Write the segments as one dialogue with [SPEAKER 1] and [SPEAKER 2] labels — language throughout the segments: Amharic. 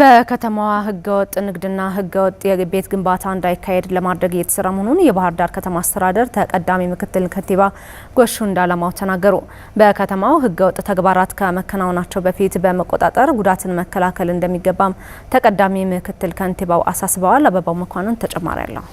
[SPEAKER 1] በከተማዋ ህገወጥ ንግድና ህገወጥ የቤት ግንባታ እንዳይካሄድ ለማድረግ እየተሰራ መሆኑን የባህር ዳር ከተማ አስተዳደር ተቀዳሚ ምክትል ከንቲባ ጎሹ እንዳለማው ተናገሩ። በከተማው ህገወጥ ተግባራት ከመከናወናቸው በፊት በመቆጣጠር ጉዳትን መከላከል እንደሚገባም ተቀዳሚ ምክትል ከንቲባው አሳስበዋል። አበባው መኳንን ተጨማሪ ያለው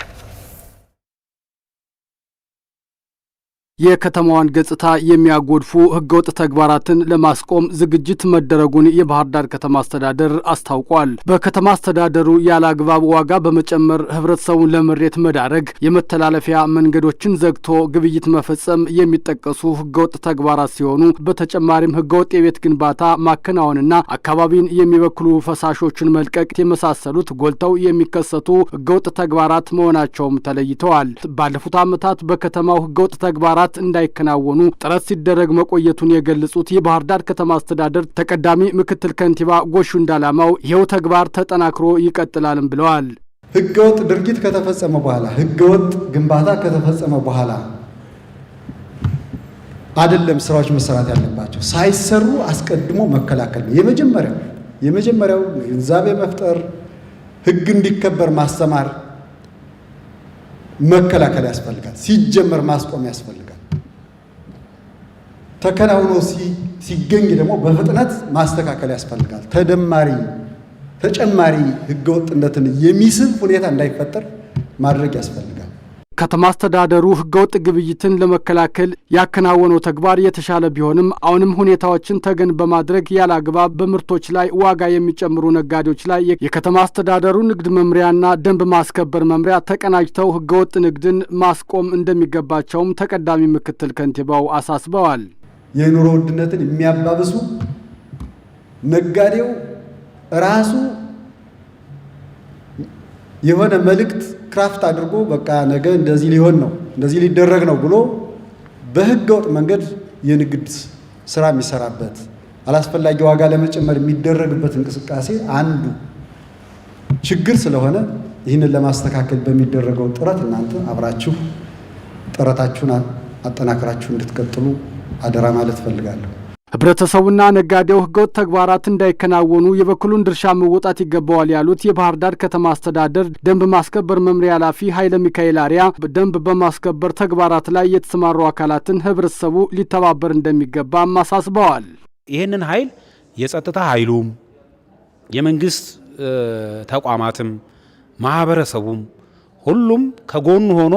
[SPEAKER 2] የከተማዋን ገጽታ የሚያጎድፉ ህገወጥ ተግባራትን ለማስቆም ዝግጅት መደረጉን የባህር ዳር ከተማ አስተዳደር አስታውቋል። በከተማ አስተዳደሩ ያለ አግባብ ዋጋ በመጨመር ህብረተሰቡን ለምሬት መዳረግ፣ የመተላለፊያ መንገዶችን ዘግቶ ግብይት መፈጸም የሚጠቀሱ ህገወጥ ተግባራት ሲሆኑ በተጨማሪም ህገወጥ የቤት ግንባታ ማከናወንና አካባቢን የሚበክሉ ፈሳሾችን መልቀቅ የመሳሰሉት ጎልተው የሚከሰቱ ህገወጥ ተግባራት መሆናቸውም ተለይተዋል። ባለፉት ዓመታት በከተማው ህገወጥ ተግባራት ተግባራት እንዳይከናወኑ ጥረት ሲደረግ መቆየቱን የገለጹት የባህር ዳር ከተማ አስተዳደር ተቀዳሚ ምክትል ከንቲባ ጎሹ እንዳላማው ይኸው ተግባር ተጠናክሮ ይቀጥላልም ብለዋል።
[SPEAKER 3] ህገወጥ ድርጊት ከተፈጸመ በኋላ ህገወጥ ግንባታ ከተፈጸመ በኋላ አይደለም ስራዎች መሰራት ያለባቸው ሳይሰሩ አስቀድሞ መከላከል ነው። የመጀመሪያው የመጀመሪያው ግንዛቤ መፍጠር፣ ህግ እንዲከበር ማስተማር፣ መከላከል ያስፈልጋል። ሲጀመር ማስቆም ያስፈልጋል። ተከናውኖ ሲገኝ ደግሞ በፍጥነት ማስተካከል ያስፈልጋል። ተደማሪ ተጨማሪ ህገወጥነትን የሚስብ ሁኔታ እንዳይፈጠር ማድረግ ያስፈልጋል።
[SPEAKER 2] ከተማ አስተዳደሩ ህገወጥ ግብይትን ለመከላከል ያከናወነው ተግባር የተሻለ ቢሆንም አሁንም ሁኔታዎችን ተገን በማድረግ ያለአግባብ በምርቶች ላይ ዋጋ የሚጨምሩ ነጋዴዎች ላይ የከተማ አስተዳደሩ ንግድ መምሪያና ደንብ ማስከበር መምሪያ ተቀናጅተው ህገወጥ ንግድን ማስቆም እንደሚገባቸውም ተቀዳሚ ምክትል ከንቲባው አሳስበዋል።
[SPEAKER 3] የኑሮ ውድነትን የሚያባብሱ ነጋዴው ራሱ የሆነ መልእክት ክራፍት አድርጎ በቃ ነገ እንደዚህ ሊሆን ነው እንደዚህ ሊደረግ ነው ብሎ በህገ ወጥ መንገድ የንግድ ስራ የሚሰራበት አላስፈላጊ ዋጋ ለመጨመር የሚደረግበት እንቅስቃሴ አንዱ ችግር ስለሆነ ይህንን ለማስተካከል በሚደረገው ጥረት እናንተ አብራችሁ ጥረታችሁን አጠናክራችሁ እንድትቀጥሉ አደራ ማለት እፈልጋለሁ።
[SPEAKER 2] ህብረተሰቡና ነጋዴው ህገወጥ ተግባራት እንዳይከናወኑ የበኩሉን ድርሻ መወጣት ይገባዋል ያሉት የባህር ዳር ከተማ አስተዳደር ደንብ ማስከበር መምሪያ ኃላፊ ኃይለ ሚካኤል አሪያ ደንብ በማስከበር ተግባራት ላይ የተሰማሩ አካላትን ህብረተሰቡ ሊተባበር እንደሚገባ አሳስበዋል።
[SPEAKER 4] ይህንን ኃይል የጸጥታ ኃይሉም የመንግስት ተቋማትም ማህበረሰቡም ሁሉም ከጎኑ ሆኖ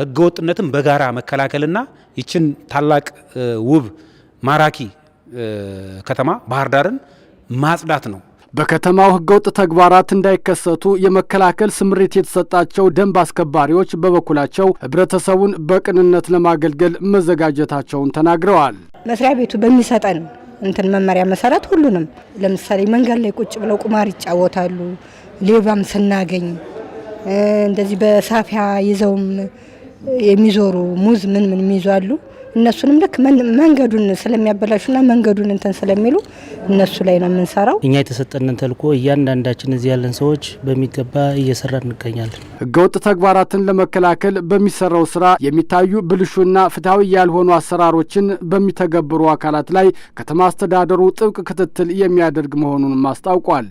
[SPEAKER 4] ህገወጥነትን በጋራ መከላከልና ይችን ታላቅ ውብ ማራኪ ከተማ ባህር ዳርን ማጽዳት ነው።
[SPEAKER 2] በከተማው ህገወጥ ተግባራት እንዳይከሰቱ የመከላከል ስምሪት የተሰጣቸው ደንብ አስከባሪዎች በበኩላቸው ህብረተሰቡን በቅንነት ለማገልገል መዘጋጀታቸውን ተናግረዋል።
[SPEAKER 5] መስሪያ ቤቱ በሚሰጠን እንትን መመሪያ መሰረት ሁሉንም ለምሳሌ መንገድ ላይ ቁጭ ብለው ቁማር ይጫወታሉ። ሌባም ስናገኝ እንደዚህ በሳፊያ ይዘውም የሚዞሩ ሙዝ ምን ምን የሚይዙ አሉ። እነሱንም ልክ መንገዱን ስለሚያበላሹና መንገዱን እንትን ስለሚሉ እነሱ ላይ ነው የምንሰራው።
[SPEAKER 6] እኛ የተሰጠንን ተልኮ እያንዳንዳችን እዚህ ያለን ሰዎች በሚገባ እየሰራ እንገኛለን።
[SPEAKER 2] ህገወጥ ተግባራትን ለመከላከል በሚሰራው ስራ የሚታዩ ብልሹና ፍትሐዊ ያልሆኑ አሰራሮችን በሚተገብሩ አካላት ላይ ከተማ አስተዳደሩ ጥብቅ ክትትል የሚያደርግ መሆኑንም አስታውቋል።